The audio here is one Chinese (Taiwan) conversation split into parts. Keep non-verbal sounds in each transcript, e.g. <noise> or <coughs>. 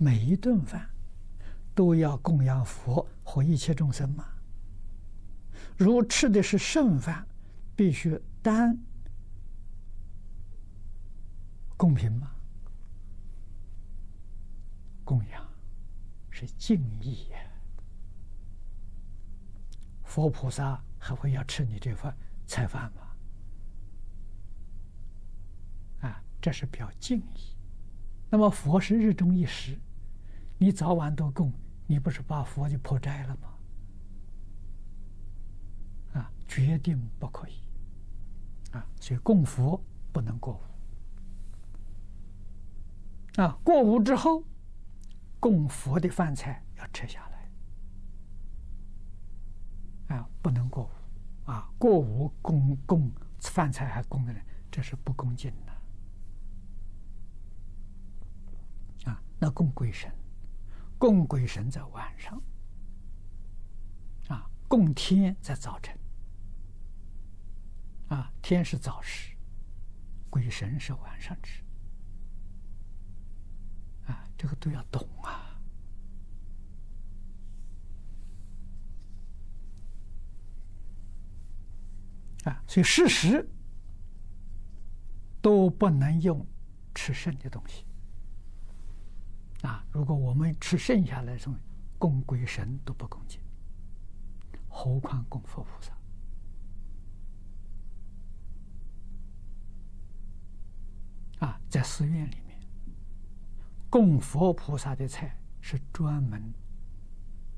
每一頓飯都要供養佛和一切眾生嗎？如果吃的是剩飯，必須單供品嗎？供養是敬意呀。啊，佛菩薩還會要吃你這份菜飯嗎？啊，這是表敬意。那麼佛是日中一食。你早晚都供，你不是把佛就破齋了嗎？啊，決定不可以啊，所以供佛不能過午啊。過午之後，供佛的飯菜要吃下來啊，不能過午啊。過午供供飯菜還供着呢，這是不恭敬的啊。那供鬼神。供鬼神在晚上，啊，供天在早晨，啊，天是早食，鬼神是晚上吃，啊，這個都要懂啊，啊，所以事實都不能用吃剩的東西。啊！如果我們吃剩下來的什麼，供鬼神都不恭敬，何況供佛菩薩？啊，在寺院裡面，供佛菩薩的菜是專門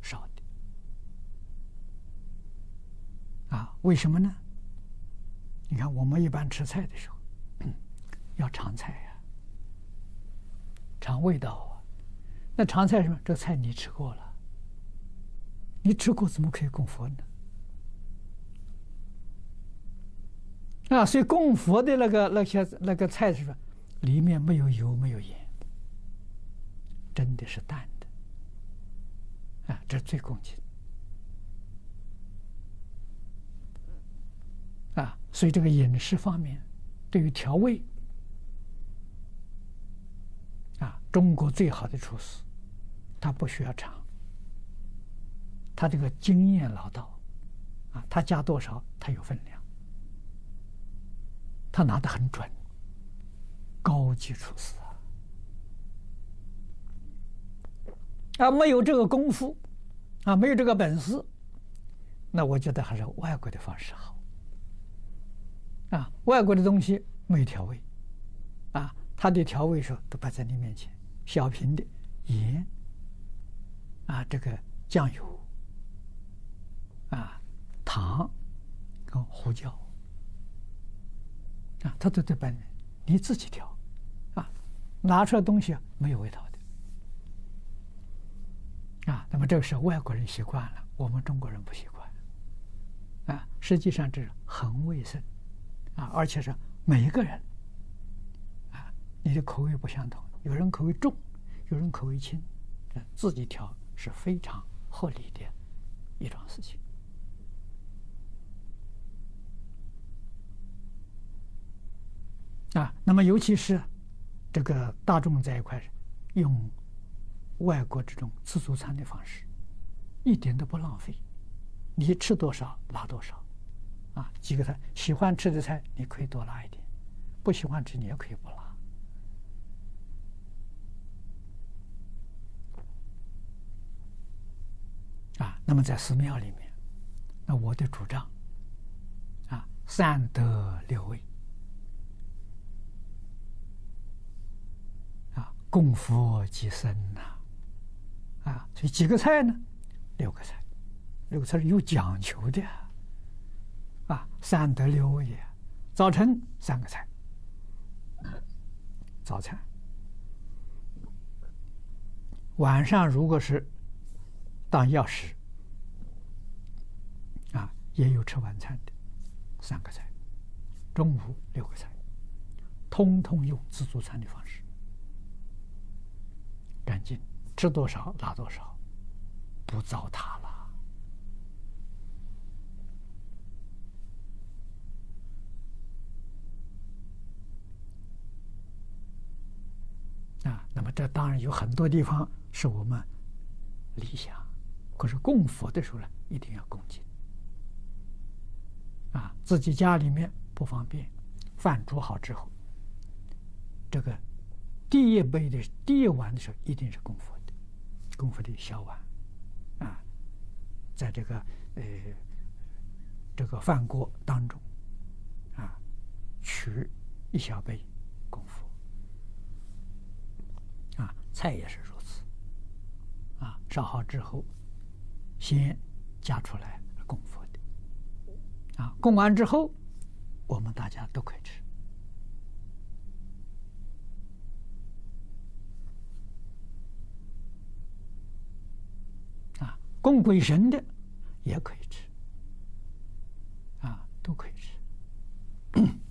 燒的。啊，為什麼呢？你看，我們一般吃菜的時候，要嘗菜呀、啊，嘗味道。那常菜是什麼？這菜你吃過了，你吃過怎麼可以供佛呢？啊，所以供佛的那個那些那個菜是什麼？裡面沒有油，沒有鹽，真的是淡的。啊，這是最恭敬。啊，所以這個飲食方面，對於調味，啊，中國最好的廚師。他不需要嘗，他這個經驗老道，啊，他加多少，他有分量，他拿的很準，高級廚師啊，啊，沒有這個功夫，啊，沒有這個本事，那我覺得還是外國的方式好，啊，外國的東西沒有調味，啊，他的調味的時候都擺在你面前，小瓶的鹽。這個醬油，啊，糖，跟胡椒，啊，他都在幫你自己調，啊，拿出來的東西沒有味道的，啊，那麼這個是外國人習慣了，我們中國人不習慣，啊，實際上這是很衛生，啊，而且是每一個人，啊，你的口味不相同，有人口味重，有人口味輕，啊，自己調。是非常合理的一樁事情啊。那麼，尤其是這個大眾在一塊用外國這種自助餐的方式，一點都不浪費。你吃多少拿多少啊，幾個菜，喜歡吃的菜你可以多拿一點，不喜歡吃你也可以不拿。那麼在寺廟裡面，那我的主張啊，三德六味，啊，供佛及僧吶，啊，所以幾個菜呢？六個菜，六個菜是有講究的，啊，三德六味也。早晨三個菜，嗯，早餐，晚上如果是當藥石，也有吃晚餐的，三個菜；中午六個菜，通通用自助餐的方式，乾淨，吃多少拿多少，不糟蹋了。啊，那麼這當然有很多地方是我們理想，可是供佛的時候呢，一定要恭敬。啊，自己家裡面不方便，飯煮好之後，這個第一杯的第一碗的時候，一定是供佛的，供佛的小碗，啊，在這個呃這個飯鍋當中，啊，取一小杯供佛，啊，菜也是如此，啊，燒好之後先夾出來供佛。啊，供完之後，我們大家都可以吃。啊，供鬼神的也可以吃，啊，都可以吃。 <coughs>